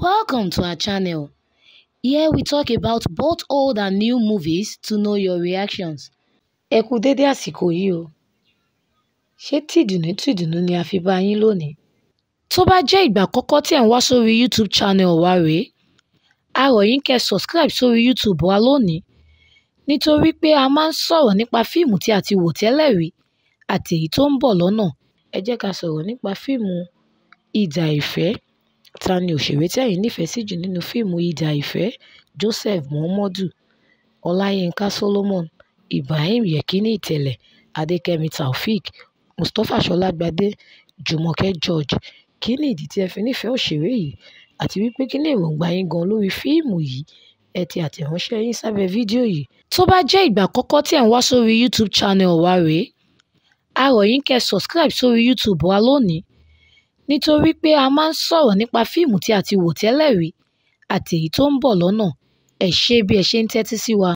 Welcome to our channel. Here we talk about both old and new movies to know your reactions. Ẹ kú dédé àsìkò yìí o. Ṣé tìdùnnú tìdùnnú ni a fi bá yín lónìí? Tó bá jẹ́ ìgbà àkọ́kọ́ tí ẹ̀ ń wá sórí YouTube channel wa rèé, a rọ̀ yín kẹ́ subscribe sórí YouTube wa lónìí nítorí pé a máa ń sọ̀rọ̀ nípa fíìmù tí a ti wò tẹ́lẹ̀ rí àti èyí tó ń bọ̀ lọ́nà. Ẹ jẹ́ ká sọ̀rọ̀ nípa fíìmù Idà Ìfẹ́ ta ni òṣèré tí ẹ̀yin nífẹ̀ẹ́ sí jù nínú fíìmù idà ìfẹ́ joseph muhammadu ọláyínká solomon ibrahim yekini ìtẹ̀lẹ̀ adékẹ́mi taofeek mustapha sọlágbádé jùmọ̀kẹ́ george kí ni ìdí tí ẹ fi nífẹ̀ẹ́ òṣèré yìí àti wípé kí ni èròǹgbà yín gan lórí fíìmù yìí ẹ ti àtẹ̀ránṣẹ́ yín sábẹ́ fídíò yìí. tó bá jẹ́ ìgbà àkọ́kọ́ tí ẹ̀ ń wá sórí youtube channel wa rèé a rọ̀ yín kẹ́ subscribe sórí youtube wa lónìí nítorí pé a máa ń sọ̀rọ̀ nípa fíìmù tí a ti wò tẹ́lẹ̀ rí àti èyí tó ń bọ̀ lọ́nà, ẹ ṣé bí ẹ ṣe ń tẹ́tí sí wa.